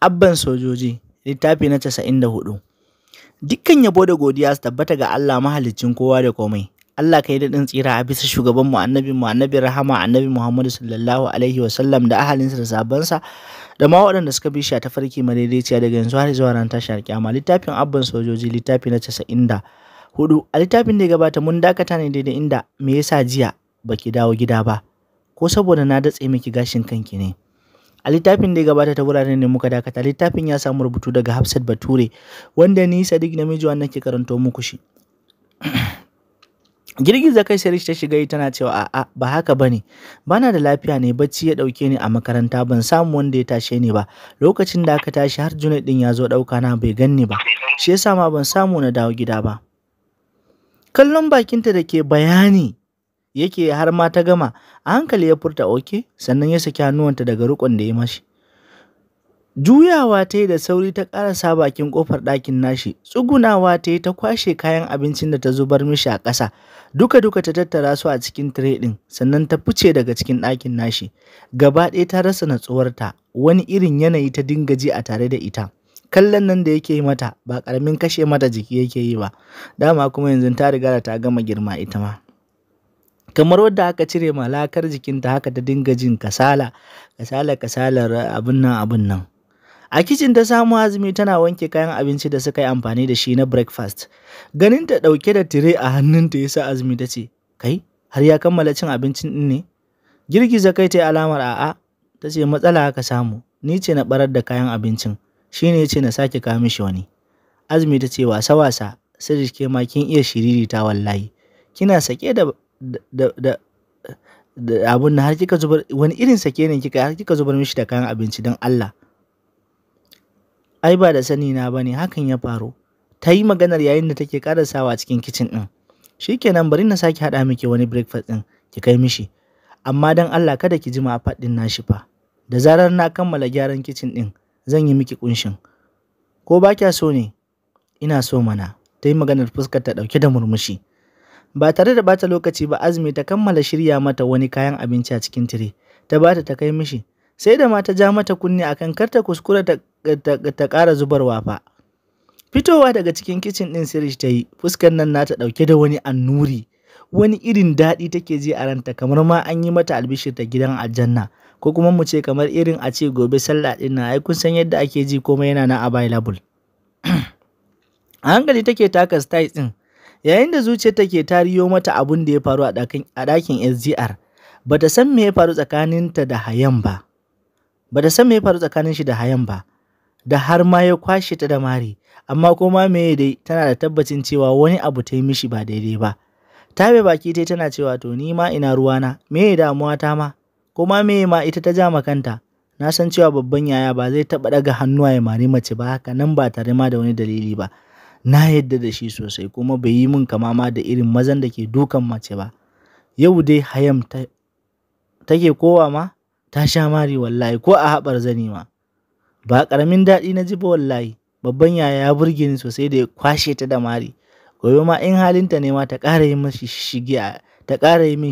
Abban Sojoji, littafi na casa'in da hudu, Dukkan yabo da godiya su tabbata ga Allah mahaliccin kowa da komai. Allah kai daɗin tsira a bisa shugabanmu annabi mu annabi rahama annabi Muhammadu sallallahu alaihi wasallam da ahalinsa da sabansa da ma waɗanda suka bi shi a tafarki madaidaiciya daga yanzu har zuwa ran tashar kyama littafin abban sojoji littafi na casa'in da hudu a littafin da ya gabata mun dakata ne daidai inda me yasa jiya baki dawo gida ba ko saboda na datse miki gashin kanki ne. A littafin da ya gabata ta wuraren ne muka dakata, littafin ya samu rubutu daga Hafsat Bature, wanda ni Sadiq namiji wannan ke karanto muku shi. Girgiza kai Sarish ta shiga tana cewa a'a ba haka bane bana da lafiya ne bacci ya dauke ni a makaranta ban samu wanda ya tashe ni ba lokacin da aka tashi har Junaid din ya zo dauka na bai ganni ba shi yasa ma ban samu na dawo gida ba kallon bakinta da ke bayani yake har ma ta gama a hankali ya furta oke sannan ya saki hannuwanta daga rukon da ya mashi juyawa ta yi da sauri ta ƙarasa bakin ƙofar ɗakin nashi tsugunawa ta yi ta kwashe kayan abincin da ta zubar mishi a ƙasa duka duka ta tattara su a cikin tire ɗin sannan ta fice daga cikin ɗakin nashi gaba ɗaya ta rasa natsuwarta wani irin yanayi ta dinga ji a tare da ita kallon nan da yake yi mata ba ƙaramin kashe mata jiki yake yi ba dama kuma yanzu ta riga da ta gama girma ita ma kamar wadda aka cire malakar jikinta haka ta dinga jin kasala kasala kasalar abin nan abin nan a kicin ta samu azumi tana wanke kayan abinci da suka yi amfani da shi na breakfast ganin ta dauke da tire a hannunta ya sa azumi ta ce kai har ya kammala cin abincin din ne girgiza kai ta yi alamar a'a ta ce matsala ka samu ni ce na barar da kayan abincin shi ne ce na sake kawo mishi wani azumi ta ce wasa wasa sai jike ma kin iya shiririta wallahi kina sake da da da da har kika zubar wani irin sake ne kika har kika zubar mishi da kayan abinci don Allah ai ba da sani na bane hakan ya faru ta yi maganar yayin da take karasawa cikin kicin din shikenan bari na sake hada miki wani breakfast din ki kai mishi amma don Allah kada ki jima a faɗin nashi fa da zarar na kammala gyaran kicin din zan yi miki kunshin ko ba kya so ne ina so mana ta yi maganar fuskar ta ɗauke da murmushi Ba tare da bata lokaci ba Azumi ta kammala shirya mata wani kayan abinci a cikin tire, ta bata ta kai mishi, sai da ma ta ja mata kunne akan kar ta kuskura ta, ƙara zubarwa fa. Fitowa daga cikin kicin ɗin Sirish ta yi, fuskar nan nata ɗauke da wani annuri, wani irin daɗi take ji a ranta kamar ma an yi mata albishir ta gidan aljanna, ko kuma mu ce kamar irin a ce gobe sallah ɗin na ai kun san yadda ake ji komai yana na available. a hankali take taka style ɗin Yayin da zuciyarta ke tariyo mata abun da ya faru a ɗakin SGR, ba ta san me ya faru tsakaninta da Hayan ba. Ba san me ya faru tsakanin shi da Hayan ba, da har ma ya kwashe ta da mari, amma kuma me dai tana da tabbacin cewa wani abu ta yi mishi ba daidai ba. Ta bai baki tai tana cewa to ni ma ina ruwana, me ya damuwa ta ma, kuma me ma ita ta ja kanta. na san cewa babban yaya ba zai taɓa ɗaga hannuwa ya mari mace ba haka nan ba tare ma da wani dalili ba na yadda da shi sosai kuma bai yi min kama ma da irin mazan da ke dukan mace ba yau dai hayam ta take kowa ma ta sha mari wallahi ko a haɓar zani ma ba ƙaramin daɗi na ji ba wallahi babban yaya ya burge ni sosai da ya kwashe ta da mari gobe ma in halinta ne ma ta ƙara yi min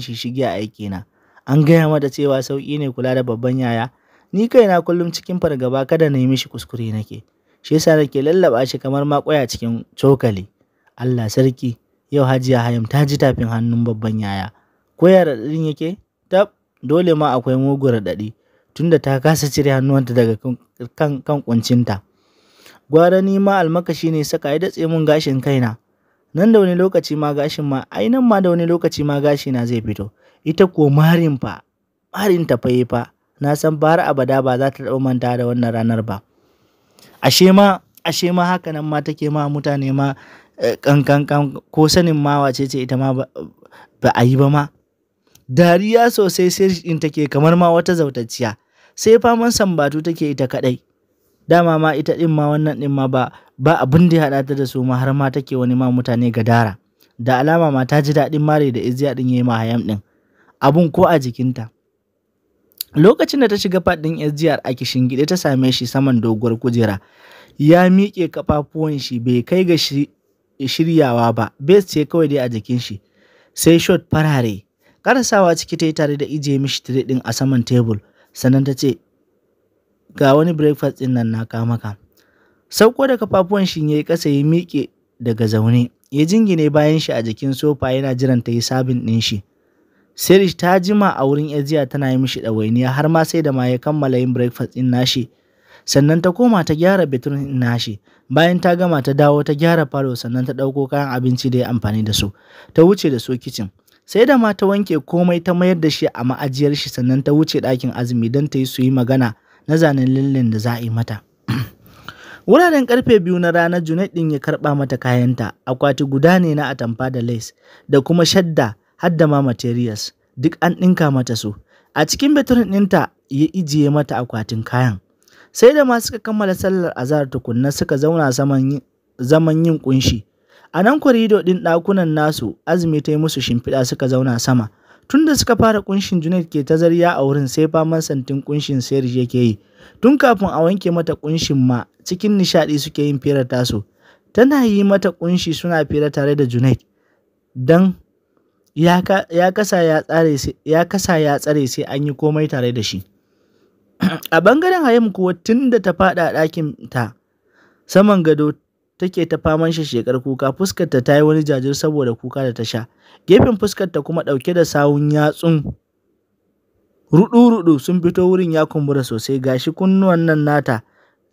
shishige a aiki na an gaya mata cewa sauƙi ne kula da babban yaya ni kaina kullum cikin fargaba kada na yi mishi kuskure nake shi yasa nake lallaba shi kamar maƙwaya cikin cokali Allah sarki yau hajiya hayam ta ji tafin hannun babban yaya ko ya raɗaɗin yake tab dole ma akwai mugu raɗaɗi tunda ta kasa cire hannuwanta daga kan kan kuncinta gwara ni ma almakashi ne saka ya datse mun gashin kaina nan da wani lokaci ma gashin ma ai nan ma da wani lokaci ma gashi na zai fito ita ko marin fa marin ta fa na san har abada ba za ta taɓa manta da wannan ranar ba ashe ma ashe ma haka nan ma take ma mutane ma eh, kankan ko sanin ma wace ce ita ma ba a yi ba ma dariya sosai sai in take kamar ma wata zautacciya sai faman sambatu take ita kadai dama ma ita din ma wannan din ma ba ba abin da ya hada ta da su ma har ma take wani ma mutane gadara da alama ma ta ji daɗin mare da izziya din yayi ma hayam din abun ko a jikinta Lokacin da ta shiga faɗin SGR a kishin gida ta same shi saman doguwar kujera, ya miƙe kafafuwan shi bai kai ga shiryawa ba, bes ce kawai dai a jikin shi, sai shot farare. Karasawa ciki ta yi tare da ije mishi tire ɗin a saman tebul, sannan ta ce, ga wani breakfast ɗin nan na kamaka Sauko da kafafuwan shi ya yi ƙasa ya miƙe daga zaune, ya jingine bayan shi a jikin sofa yana jiran ta yi sabin ɗin shi. Serge ta jima a wurin ajiya tana yi mishi ɗawainiya har ma sai da ma ya kammala yin breakfast ɗin nashi. Sannan ta koma ta gyara bedroom ɗin nashi. Bayan ta gama ta dawo ta gyara falo sannan ta ɗauko kayan abinci da ya amfani da su. Ta wuce da su kicin. Sai da ma ta wanke komai ta mayar da shi a ma'ajiyar shi sannan ta wuce ɗakin azumi don ta yi su yi magana na zanen lillin da za a yi mata. Wuraren karfe biyu na ranar Junaid din ya karɓa mata kayanta, akwati guda ne na atamfa da lace da kuma shadda har da ma materials duk an ɗinka mata su. A cikin betirin ɗinta ya ijiye mata akwatin kayan. Sai da ma suka kammala sallar azar tukunna suka zauna zaman yin kunshi. A nan korido ɗin ɗakunan nasu azumi ta yi musu shimfiɗa suka zauna sama. Tunda suka fara kunshin Junaid ke ta zarya a wurin sai faman santin kunshin Serge yake yi. Tun kafin a wanke mata kunshin ma cikin nishaɗi suke yin firar tasu. Tana yi mata kunshi suna fira tare da Junaid. Dan Ya kasa ya tsare sai an yi komai tare da shi. A ɓangaren hayim kuwa tun da ta faɗa ta, saman gado take ta faman shekar kuka fuskarta ta yi wani jajir saboda kuka da ta sha gefen fuskarta kuma ɗauke da sawun yatsun ruɗu-ruɗu sun fito wurin ya kumbura sosai gashi kunnuwan nan nata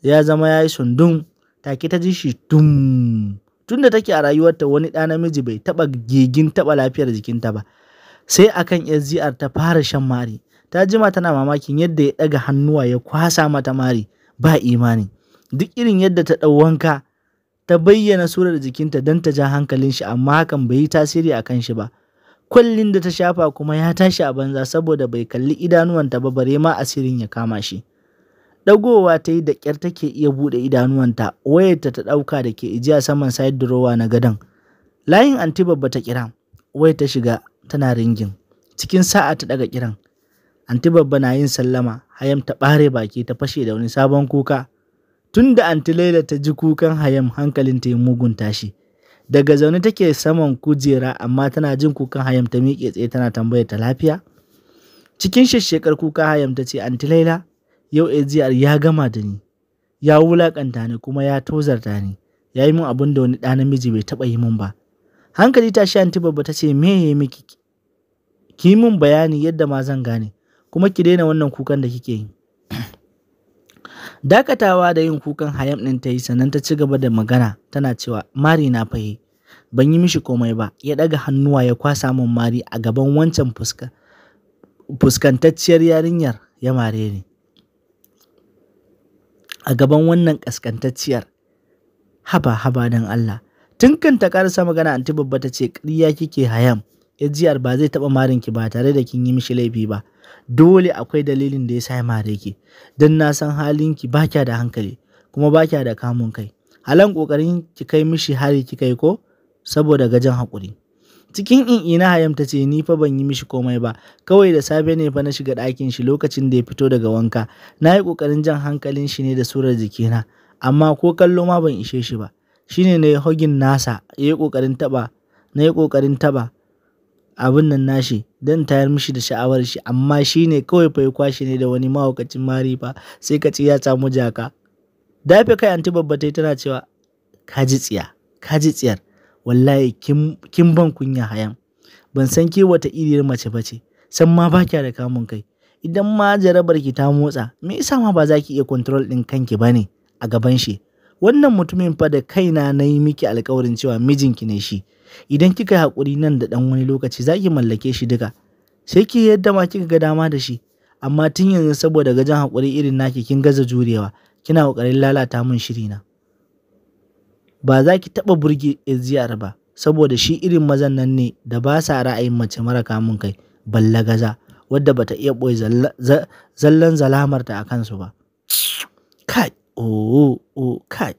ya zama ya yi sundun take ta ji shi dum Tunda take a rayuwarta wani ɗa namiji bai taɓa gigin taɓa lafiyar jikinta ba. Sai akan SGR ta fara shan mari. Ta jima tana mamakin yadda ya ɗaga hannuwa ya kwasa mata mari ba imani. Duk irin yadda ta ɗau wanka ta bayyana surar jikinta don ta ja hankalin shi amma hakan bai yi tasiri a kan shi ba. Kwallin da ta shafa kuma ya tashi a banza saboda bai kalli idanuwanta ba bare ma asirin ya kama shi. Ɗagowa ta yi da ƙyar take iya buɗe idanuwanta, wayarta ta ɗauka da ke ijiya saman side drawer na gadon. Layin anti babba ta kira, wayar ta shiga tana ringin. Cikin sa'a ta ɗaga kiran. Anti babba na yin sallama, Hayam ta ɓare baki ta fashe da wani sabon kuka. Tunda da anti Laila ta ji kukan Hayam hankalin ta yi mugun tashi. Daga zaune take saman kujera amma tana jin kukan Hayam ta miƙe tsaye tana tambayar ta lafiya. Cikin shesshekar kuka Hayam ta ce, Anti Laila, Yau ajiyar ya gama da ni, ya wulakanta ni kuma ya tozarta ni, ya yi min abin da wani ɗa namiji bai taɓa yi min ba. Hankali ta shi anti babba ta ce me ya yi miki ki yi min bayani yadda ma zan gane kuma ki daina wannan kukan da kike yi. Dakatawa da yin kukan hayam ɗin ta yi sannan ta ci gaba da magana tana cewa mari na fahe ban yi mishi komai ba ya ɗaga hannuwa ya kwasa min mari a gaban wancan fuskantacciyar yarinyar ya mare ni. a gaban wannan ƙaskantacciyar haba haba don Allah tun kan ta karasa magana anti babba ta ce ƙarya kike hayam ajiyar ba zai taɓa marin ki ba tare da kin yi mishi laifi ba dole akwai dalilin da ya sa mare ki don na san halin ki ba kya da hankali kuma ba kya da kamun kai halan ƙoƙarin ki kai mishi hari ki kai ko saboda gajen haƙuri Cikin ina Hayam ta ce ni fa ban yi mishi komai ba, kawai da safe ne fa na shiga ɗakin shi lokacin da ya fito daga wanka. Na yi ƙoƙarin jan hankalin shi ne da surar jikina, amma ko kallo ma ban ishe shi ba. Shi ne na yi hogin nasa, ya yi ƙoƙarin taɓa, na yi ƙoƙarin taɓa abin nan nashi dan tayar mishi da sha'awar shi amma shi kawai fa ya kwashi ne da wani mahaukacin mari fa sai ka ci ya samu jaka. Dafe kai anti babba tana cewa ka ji tsiya, ka tsiyar. wallahi kin ban kunya hayan ban san ke wata iriyar mace ba ce san ma ba da kamun kai idan ma jarabar ki ta motsa me yasa ma ba za ki iya control din kanki ba ne. a gaban shi wannan mutumin fa da kaina na yi miki alkawarin cewa mijinki ne shi idan kika yi haƙuri nan da ɗan wani lokaci za ki mallake shi duka sai ki yadda ma kika ga dama da shi amma tun yanzu saboda gajen haƙuri irin naki kin gaza jurewa kina ƙoƙarin lalata mun shiri na. Ba za ki taɓa burge Ezzyar ba, saboda shi irin mazan nan ne da ba sa ra'ayin mace mara kamun kai, gaza, wadda ba ta iya ɓoye zallan zalamarta a kansu ba. Kai! Oh, oh, kai!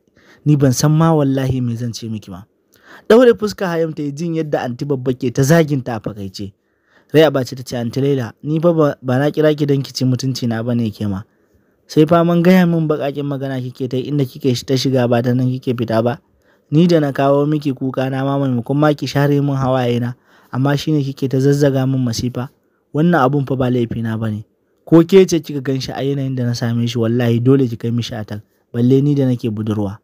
Ni ban san ma wallahi me zan ce miki ba Ɗaure fuska Hayam ta yi jin yadda anti babba ke ta zaginta a fakaice. Raya bace ta ce anti Laila, ni fa ba na kira ki don ki ci mutunci na ne ke ma. Sai faman gaya min baƙaƙen magana kike ta inda kike ta shiga ba ta nan kike fita ba. Ni da na kawo miki kukana ma maimakon ma ki share min hawayena, amma shine kike ta zazzaga min masifa. Wannan abun fa ba laifi na bane Ko ke ce kika ganshi a yanayin da na same shi wallahi dole ki kai mishi atal, balle ni da nake budurwa.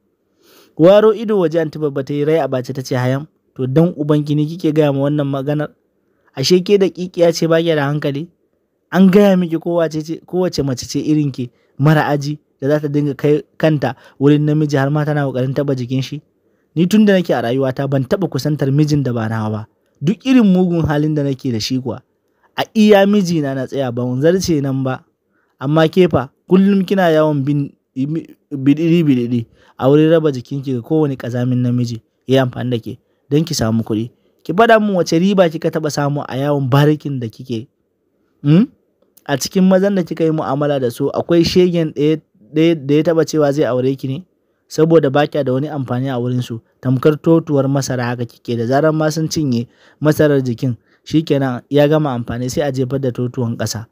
Waro ido waje an babba ta yi rai a bace ta ce hayam, to dan ubangi ne kike gaya ma wannan maganar? Ashe ke da kikiya ce ba da hankali? An gaya miki kowace mace ce irin ki mara aji da za ta dinga kai kanta wurin namiji har ma tana kokarin taba jikin shi. ni tun da nake a rayuwata ban taɓa kusantar mijin da ba nawa ba duk irin mugun halin da nake da shi kuwa a iya mijina na tsaya ba zarce nan ba amma kefa kullum kina yawon bin bidiri bidiri a wurin raba jikinki ga kowane kazamin namiji ya amfani da ke don ki samu kuɗi ki faɗa min wace riba kika taɓa samu a yawon barikin da kike hmm? a cikin mazan da kika yi mu'amala da su akwai shegen ɗaya da ya taɓa cewa zai aure ki ne saboda kya da wani amfani a wurinsu tamkar totuwar masara haka kike da zarar ma sun cinye masarar jikin shikenan ya gama amfani sai a jefar da totuwan ƙasa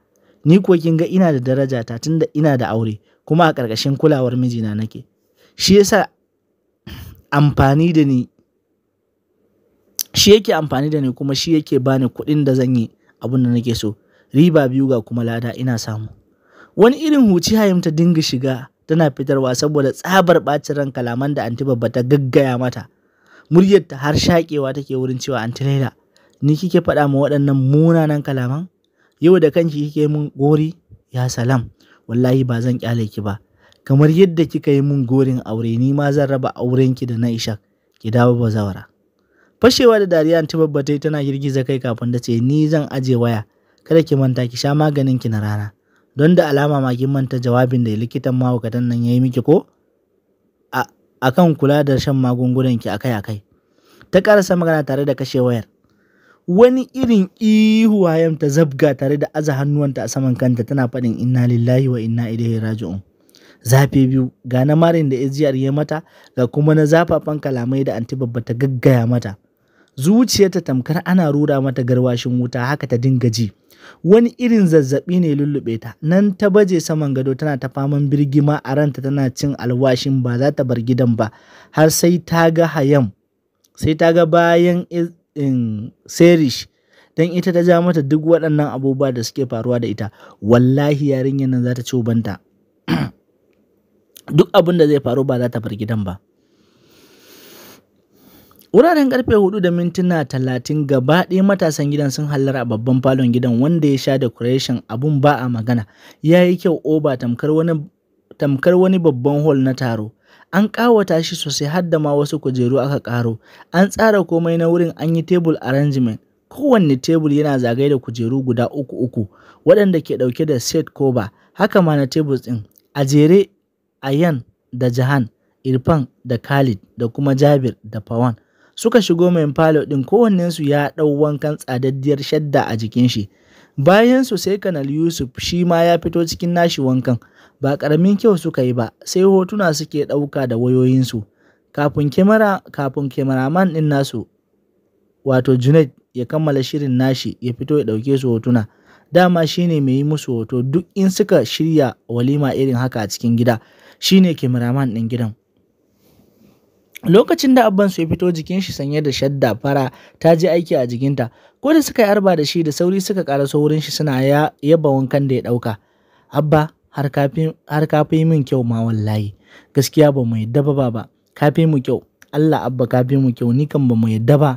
ni ko kin ga ina da daraja ta tunda ina da aure kuma a ƙarƙashin kulawar mijina nake shi yasa amfani da ni shi yake amfani da ni kuma shi yake bani kuɗin da zan yi abin da nake so riba biyu ga kuma lada ina samu wani irin huci hayim dinga shiga tana fitarwa saboda tsabar ɓacin ran kalaman da anti babba ta gaggaya mata muryar ta har shakewa take wurin cewa anti laila ni kike faɗa ma waɗannan munanan kalaman yau da kanki kike mun gori ya salam wallahi ba zan kyale ki ba kamar yadda kika yi mun gorin aure ni ma zan raba auren ki da na ishak ki dawo bazawara fashewa da dariya ta babba tana girgiza kai kafin da ce ni zan aje waya kada ki manta ki sha maganin ki na rana don da alama ma kin manta jawabin da likitan mahaukatan nan ya yi miki ko a kan kula da shan magungunan ki akai akai ta karasa magana tare da kashe wayar wani irin ihu hayam ta zabga tare da aza hannuwanta a saman kanta tana faɗin inna lillahi wa inna ilaihi raji'un zafi biyu ga na marin da ajiyar ya mata ga kuma na zafafan kalamai da anti babba ta gaggaya mata zuciyarta tamkar ana rura mata garwashin wuta haka ta dinga ji wani irin zazzabi ne lullube ta nan ta baje saman gado tana ta faman birgima a ranta tana cin alwashin ba za ta bar gidan ba har sai ta ga hayam sai ta ga bayan serish don ita ta ja mata duk waɗannan abubuwa da suke faruwa da ita wallahi yarinyar nan za ta ci duk abin da zai faru ba za ta bar gidan ba Wuraren karfe 4 da mintuna 30 gaba ɗaya matasan gidan sun hallara a babban falon gidan wanda ya sha decoration abun ba a magana. Ya yi kyau oba tamkar wani tamkar wani babban hol na taro. An ƙawata shi sosai har da ma wasu kujeru aka ƙaro. An tsara komai na wurin an yi table arrangement. Kowanne tebul yana zagaye da kujeru guda uku uku waɗanda ke ɗauke da set koba" haka ma na tables ɗin. A jere Ayan da Jahan, Irfan da Khalid da kuma Jabir da Pawan. suka shigo main falo ɗin kowannensu ya ɗau wankan tsadaddiyar shadda a jikin shi. Bayan su sai Kanal Yusuf shi ma ya fito cikin nashi wankan, ba ƙaramin kyau suka yi ba, sai hotuna suke ɗauka da wayoyinsu. Kafin kemara kafin man ɗin nasu, wato Junaid ya kammala shirin nashi ya fito ya ɗauke su hotuna. Dama shine mai yi musu hoto duk in suka shirya walima irin haka a cikin gida, Shine ne man ɗin gidan. lokacin da abban su ya fito jikin shi sanye da shadda fara ta je aiki a jikinta ko da suka yi arba da shi da sauri suka karaso wurin shi suna yaba wankan da ya dauka abba har ka fi min kyau ma wallahi gaskiya ba mu yadda ba ba ka fi mu kyau Allah abba ka fi mu kyau ni kan ba mu yadda ba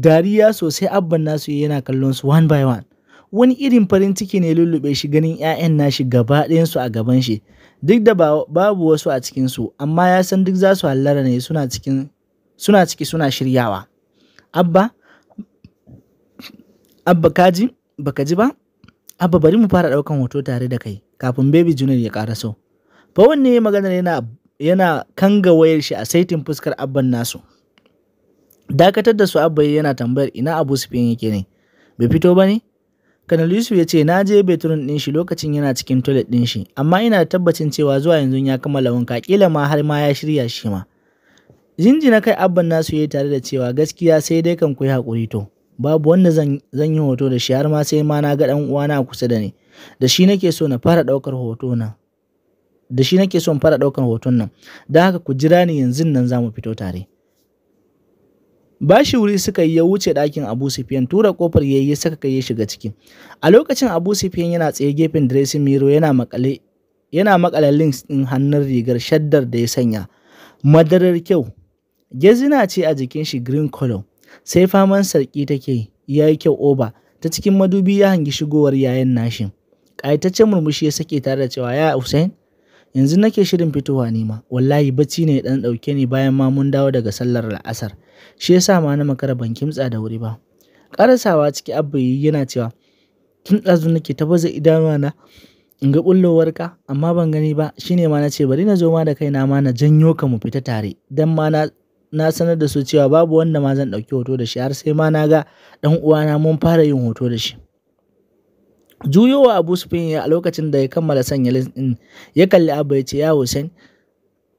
dariya sosai abban nasu yana kallon su one by one wani irin farin ciki ne lullube shi ganin 'ya'yan nashi gaba ɗayansu a gaban shi duk da babu wasu a cikinsu amma ya san duk za su hallara ne suna ciki suna shiryawa abba abba kaji baka ji ba abba bari mu fara ɗaukan hoto tare da kai kafin baby junior ya ƙaraso fa wanne ya maganar yana yana kanga wayar shi a saitin fuskar abban nasu dakatar da su abba yana tambayar ina abu sufiyan yake ne bai fito ba ne kanalisu ya ce na je betrun ɗin shi lokacin yana cikin toilet ɗin shi, amma ina tabbacin cewa zuwa yanzu ya kammala wanka kila ma har ma ya shirya shi ma. Jinji na kai abban nasu yayi tare da cewa gaskiya sai dai kan kuyi hakuri to. Babu wanda zan yi hoto da shi har ma sai ma na ga dan uwana a kusa da ni. Da shi nake so na fara ɗaukar hoto na. Da shi nake so in fara ɗaukar hoton nan. Don haka ku jira ni yanzu nan za mu fito tare. ba shi wuri suka yi ya wuce ɗakin abu sufiyan tura kofar ya yi saka kai ya shiga ciki. a lokacin abu sufiyan yana tsaye gefen dressing mirror yana makale yana makale links ɗin hannun rigar shaddar da ya sanya madarar kyau gezina ce a jikin shi green color sai faman sarki take ya yi kyau oba ta cikin madubi ya hangi shigowar yayan nashi ƙayataccen murmushi ya sake tare da cewa ya Hussein yanzu nake shirin fitowa nima wallahi bacci ne dan dauke ni bayan ma mun dawo daga sallar la'asar shi yasa ma na makara ban kimtsa da wuri ba karasawa ciki abba yana cewa tun dazu nake ta baza na, in ga ka amma ban gani ba shine ma na ce bari na zo ma da kaina ma na janyo ka mu fita tare dan ma na na sanar da su cewa babu wanda ma zan ɗauki hoto da shi har sai ma na ga ɗan uwana mun fara yin hoto da shi juyowa abu sufyan a lokacin da ya kammala sanya list ya kalli abu ya ce ya hussein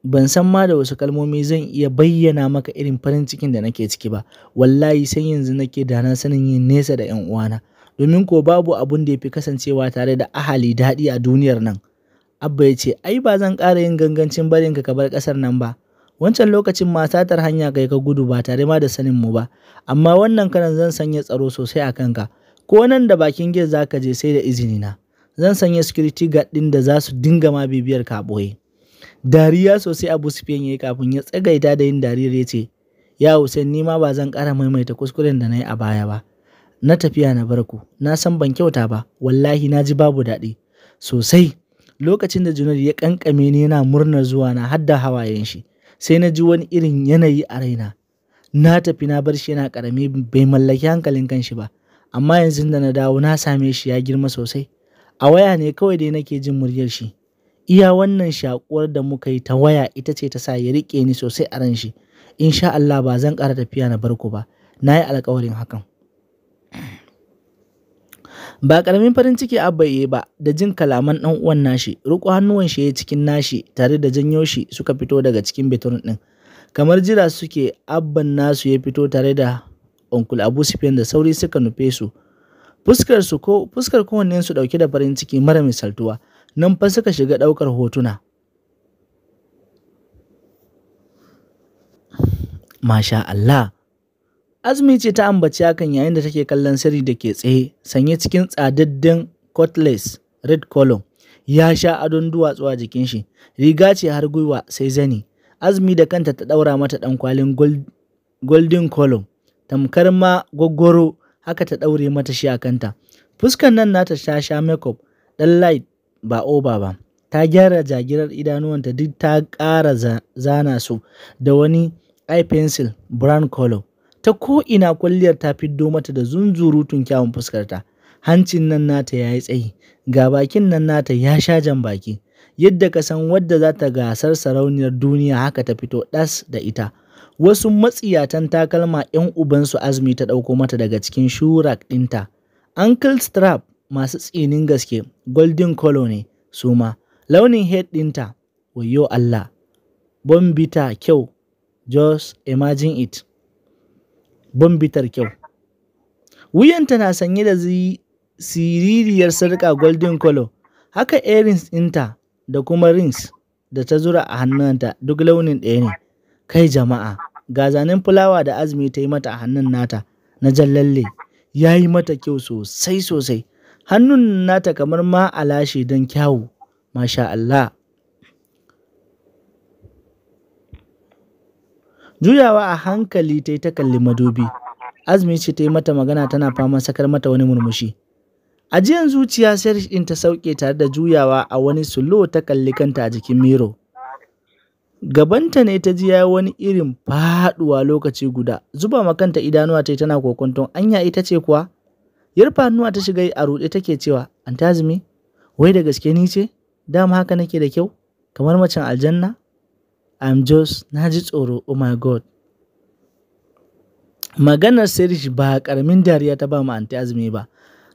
ban san ma da wasu kalmomi zan iya bayyana maka irin farin cikin da nake ciki ba wallahi sai yanzu nake da na sanin yin nesa da yan uwana domin ko babu abun da ya fi kasancewa tare da ahali daɗi a duniyar nan abba ya ce ai ba zan ƙara yin gangancin barin ka bar ƙasar nan ba wancan lokacin ma satar hanya kai ka gudu ba tare ma da sanin mu ba amma wannan karan zan sanya tsaro sosai a kanka ko nan da bakin gate za ka je sai da izini na zan sanya security guard din da za su dinga ma bibiyar ka boye dariya sosai abu sufiyan yayi kafin ya tsagaita da yin dariyar ya ce ya hussein ni ma ba zan kara maimaita kuskuren da nayi a baya ba na tafiya na barku na san ban kyauta ba wallahi na ji babu daɗi sosai lokacin da junaid ya kankame ni yana murnar zuwa na hadda hawayen shi sai na ji wani irin yanayi a raina na tafi na bar shi yana karami bai mallaki hankalin kan shi ba amma yanzu da na dawo na same shi ya girma sosai a waya ne kawai dai nake jin muryar shi iya wannan shakuwar da muka yi ta waya ita ce ta sa ya rike ni sosai a ran shi insha Allah ba zan ƙara tafiya na barku ba na yi alƙawarin hakan ba ƙaramin farin ciki abba ya ba da jin kalaman ɗan uwan nashi riƙo hannuwan shi ya cikin nashi tare da janyo shi suka fito daga cikin bitrun ɗin kamar jira suke abban nasu ya fito tare da Onkul Abu Sufyan da sauri suka nufe su. Fuskar su ko fuskar kowannen su dauke da farin ciki mara misaltuwa, nan fa suka shiga daukar hotuna. Masha Allah, Azumi ce ta ambaci hakan yayin da take kallon sirri da ke tsaye, sanye cikin tsadaddin cutlass red column. Ya sha adon duwatsu a jikin shi, riga ce har gwiwa sai zani. Azumi da kanta ta ɗaura mata ɗan kwalin golden column tamkar ma gwaggwaro haka ta ɗaure mata shi a kanta. Fuskar nan nata ta sha makeup ɗan light ba oba ba. Ta gyara jagirar idanuwanta duk ta ƙara zana su da wani eye pencil brown color. Ta ko'ina kwalliyar ta fiddo mata da zunzurutun kyawun fuskarta. Hancin nan nata ya yi tsayi, ga bakin nan nata ya sha jan baki. Yadda ka san wadda za ta gasar sarauniyar duniya haka ta fito ɗas da ita. Wasu matsiyatan takalma 'yan ubansu Azumi ta ɗauko mata daga cikin shurak dinta, ɗinta. Ankle strap masu tsinin gaske golden Colony ne su ma. Launin head ɗinta, wayo Allah, bombita kyau, just imagine it. Bombitar kyau. Wuyanta na sanye da siririyar sarƙa golden color, haka earrings ɗinta da kuma rings da ta zura a hannunta duk launin ɗaya ne. Kai jama'a, ga zanen fulawa da Azumi ta yi mata a hannun nata na jallalle, ya yi mata kyau sosai sosai. Hannun nata kamar ma a lashe don kyawu, masha Allah. Juyawa a hankali ta yi ta kalli madubi. Azumi ce ta yi mata magana tana fama sakar mata wani murmushi. Ajiyan zuciya sai ɗin ta sauke tare da juyawa a wani sulo ta kalli kanta a jikin Miro. Gabanta ne ta ji ya yi wani irin faɗuwa lokaci guda, zuba ma kanta idanuwa ta yi tana kokonton. anya ita ce kuwa? Yarfa fannuwa ta shiga yi a ruɗe take cewa, Antazumi, wai da gaske ni ce? Dama haka nake da kyau? Kamar macen aljanna? I'm just, na ji tsoro, oh my God. Maganar Sirish ba karamin dariya ta ba ma Antazumi ba.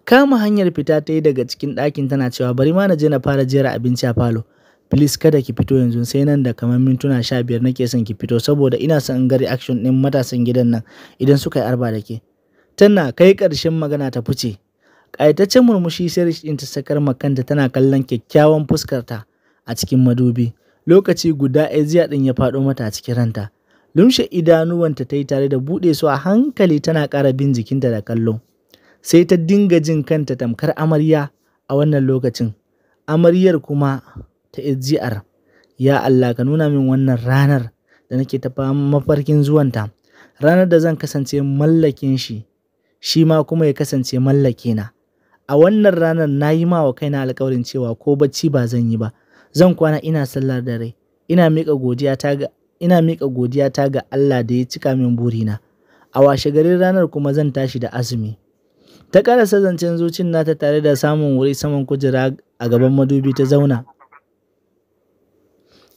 Kama hanyar fita ta yi daga cikin ɗakin tana cewa bari ma na je na fara jera abinci a falo. please kada ki fito yanzu sai nan da kamar mintuna sha biyar nake son ki fito saboda ina son in ga reaction ɗin matasan gidan nan idan suka yi arba da ke. Tana kai ƙarshen magana ta fice. Ƙayataccen murmushi sai ɗin ta sakar makanta tana kallon kyakkyawan fuskarta a cikin madubi. Lokaci guda Eziya din ya faɗo mata a cikin ranta. Lumshe idanuwanta ta yi tare da buɗe su a hankali tana ƙara bin jikinta da kallo. Sai ta dinga jin kanta tamkar amarya a wannan lokacin. Amaryar kuma ta SGR. Ya Allah ka nuna min wannan ranar da nake ta mafarkin zuwanta, ranar da zan kasance mallakin shi, shi ma kuma ya kasance mallake na. A wannan ranar na yi ma wa kaina alkawarin cewa ko bacci ba zan yi ba, zan kwana ina sallar dare, ina miƙa godiya ta ga ina miƙa godiya ta ga Allah da ya cika min burina. A washe garin ranar kuma zan tashi da azumi. Ta ƙarasa zancen zucin nata tare da samun wuri saman kujera a gaban madubi ta zauna.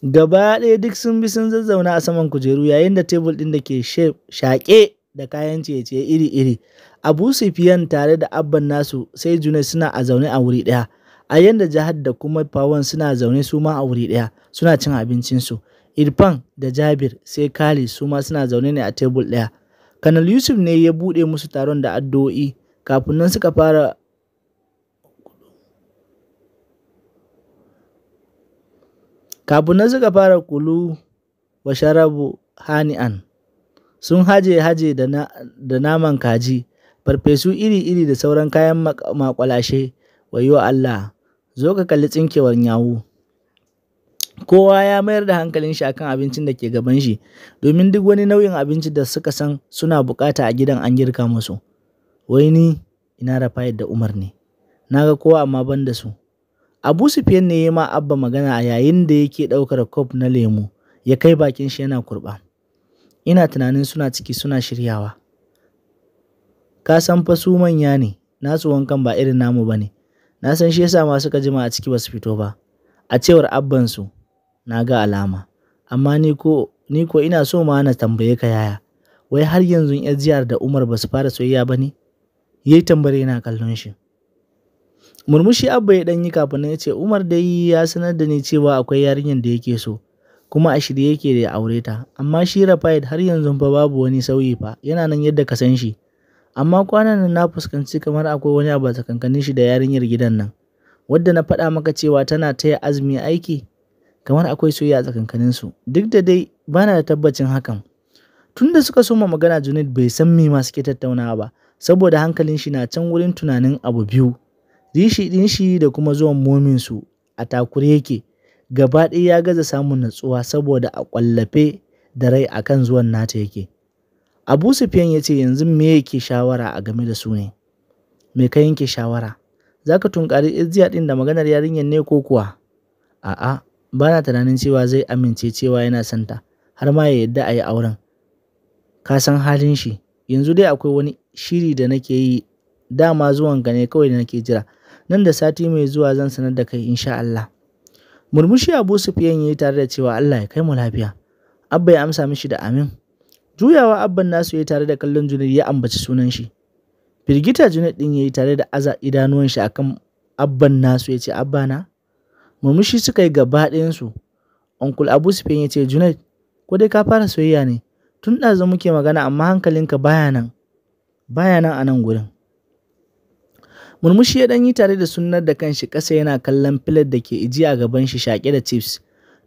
Gaba ɗaya duk sun bi sun zazzauna a saman kujeru yayin da tebul ɗin da ke shaƙe da kayan ciye-ciye iri-iri. Abu Sufyan tare da Abban nasu sai juna suna a zaune a wuri ɗaya. A yadda jihar da kuma Pawan suna zaune su ma a wuri ɗaya suna cin abincinsu. Irfan da Jabir sai Kali su ma suna zaune ne a tebul ɗaya. Kanal Yusuf ne ya buɗe musu taron da addu'o'i kafin nan suka fara Kafinan suka fara kulu sharabu hani'an, sun haje-haje da naman kaji, farfesu iri-iri da sauran kayan maƙwalashe, wayyo Allah, zo ka kalli tsinkewar nyawu? Kowa ya mayar da hankalin shi akan abincin da ke gaban shi, domin duk wani nau'in abinci da suka san suna bukata a gidan an girka musu. Wai ni, ina Rafa'at da Umar ne, na ga kowa amma ban da su. Abu Sufyan ne ya ma Abba magana a yayin da yake ɗaukar kwaf na lemu ya kai bakin shi yana kurɓa. Ina tunanin suna ciki suna shiryawa. Ka san fa su manya ne, Na nasu wankan ba irin namu ba ne. Na san shi yasa masu ka jima a ciki ba su fito ba. A cewar abbansu, na ga alama. Amma ni ko ni ko ina so ma na tambaye ka yaya. Wai har yanzu ƴar jihar da Umar ba su fara soyayya ba ne? Yayi tambare yana kallon shi. Murmushi Abba ya ɗan yi kafin ya ce Umar dai ya sanar da ni cewa akwai yarinyar da yake so kuma a shirye yake da ya aure ta amma shi Rafa'id har yanzu fa babu wani sauyi fa yana nan yadda ka san shi amma kwanan nan na fuskanci kamar akwai wani abu tsakankanin shi da yarinyar gidan nan wadda na faɗa maka cewa tana taya azumi aiki kamar akwai soyayya tsakankanin su duk da dai bana da tabbacin hakan tunda suka soma magana Junaid bai san me ma suke tattaunawa ba saboda hankalin shi na can wurin tunanin abu biyu Rishi ɗin shi da kuma zuwan mominsu a takure yake, gaba ɗaya ya gaza samun natsuwa saboda a ƙwallafe da rai a kan zuwan nata yake. Abu Sufiyan ya ce yanzu me yake shawara a game da su ne? Me ka yanke shawara? Za ka tunkari Izziya ɗin da maganar yarinyar ne ko kuwa? A'a, ba na tunanin cewa zai amince cewa yana son ta. har ma ya yadda a yi auren. Ka san halin shi, yanzu dai akwai wani shiri da nake yi dama zuwanka ne kawai da nake jira nan da sati mai zuwa zan sanar da kai insha Allah. Murmushi Abu Sufyan ya tare da cewa Allah ya kai mu lafiya. Abba ya amsa mishi da amin. Juyawa abban nasu ya tare da kallon Junaid ya ambaci sunan shi. Firgita Junaid din ya yi tare da aza idanuwan shi akan abban nasu yace ce abba na. Murmushi suka yi gaba su. Uncle Abu Sufyan ya Junaid ko dai ka fara soyayya ne tun ɗazu muke magana amma hankalinka baya nan baya nan a nan gurin Murmushi ya ɗan yi tare da sunnar da kanshi ƙasa yana kallon filat da ke ijiya a gaban shi shaƙe da chips.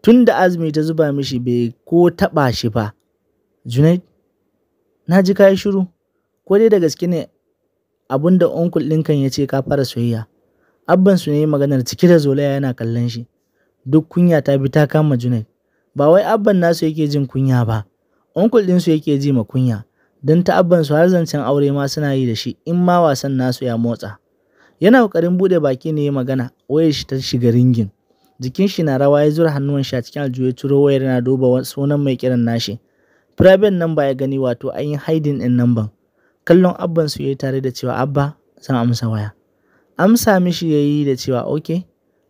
Tun da azumi ta zuba mishi bai ko taɓa shi ba. Junaid, na ji kayi shiru, ko dai da gaske ne abin da onkul ɗinkan ya ce ka fara soyayya. Abban su ne maganar cike da zolaya yana kallon shi. Duk kunya ta bi ta kama Junaid. Ba wai abban nasu yake jin kunya ba, onkul ɗinsu yake ji ma kunya. Don ta abban su har zancen aure ma suna yi da shi in ma wasan nasu ya motsa. Yana ƙoƙarin buɗe baki ne ya magana, wayar shi ta shiga ringin. Jikin shi na rawa ya zura hannuwan shi a cikin aljihu ya ciro wayar yana duba sunan mai kiran nashi. Private number ya gani wato an yi hiding ɗin number. Kallon abban su yayi tare da cewa abba zan amsa waya. Amsa mishi yayi da cewa Oke.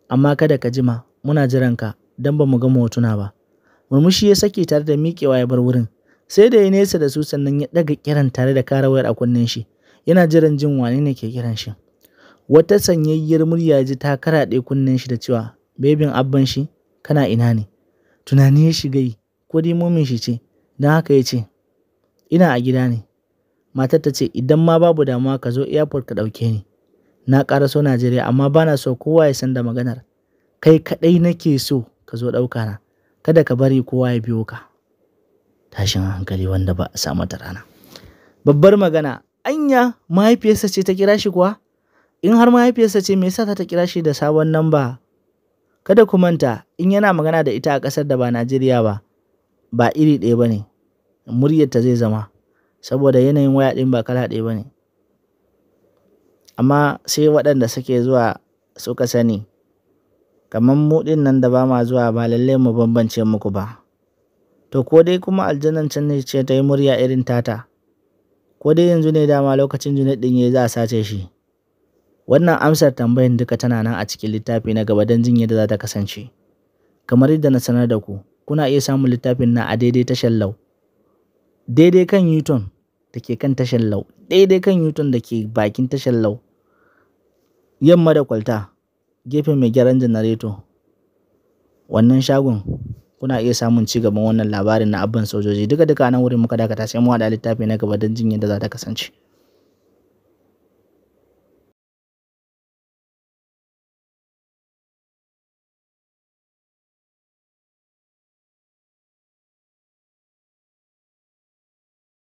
amma kada ka jima muna jiran ka dan ba mu ga hotuna ba. Murmushi ya saki tare da miƙewa ya bar wurin. Sai da ya nesa da su sannan ya daga kiran tare da kara wayar a kunnen shi. Yana jiran jin wane ne ke kiran shi. Wata sanyayyar murya ji ta karaɗe kunnen shi da cewa, Bebin abban shi, kana ina ne? Tunani ya shiga yi, ko dai shi ce, don haka ya ce, Ina a gida ne. Matar ta ce, Idan ma babu damuwa ka zo airport ka ɗauke ni. Na so Najeriya amma bana so kowa ya san da maganar. Kai kaɗai nake so ka zo ɗauka na. Kada ka bari kowa ya biyo ka. Tashin hankali wanda ba a samu rana. Babbar magana, anya mahaifiyarsa ce ta kira shi kuwa? in har mahaifiyarsa ce me yasa ta kira shi da sabon namba kada ku manta in yana magana da ita a ƙasar da ba Najeriya ba ba iri ɗaya ba ne muryarta zai zama saboda yanayin waya ɗin ba kala ɗaya ba ne amma sai waɗanda suke zuwa suka sani kamar mu ɗin nan da ba ma zuwa ba lalle mu bambance muku ba to ko dai kuma aljannan can ne ce ta yi murya irin tata ko dai yanzu ne dama lokacin junaid ɗin ya za a sace shi Wannan amsar tambayan duka tana nan a cikin littafi na gaba don jin yadda za ta kasance. Kamar yadda na sanar da ku, kuna iya samun littafin na a daidai tashar lau. Daidai kan Newton da ke kan tashar lau, daidai kan Newton da ke bakin tashar lau. Yamma da kwalta, gefen mai gyaran janareto. Wannan shagon kuna iya samun ci gaban wannan labarin na abban sojoji duka duka nan wurin muka dakata sai mu haɗa littafi na gaba don jin yadda za ta kasance.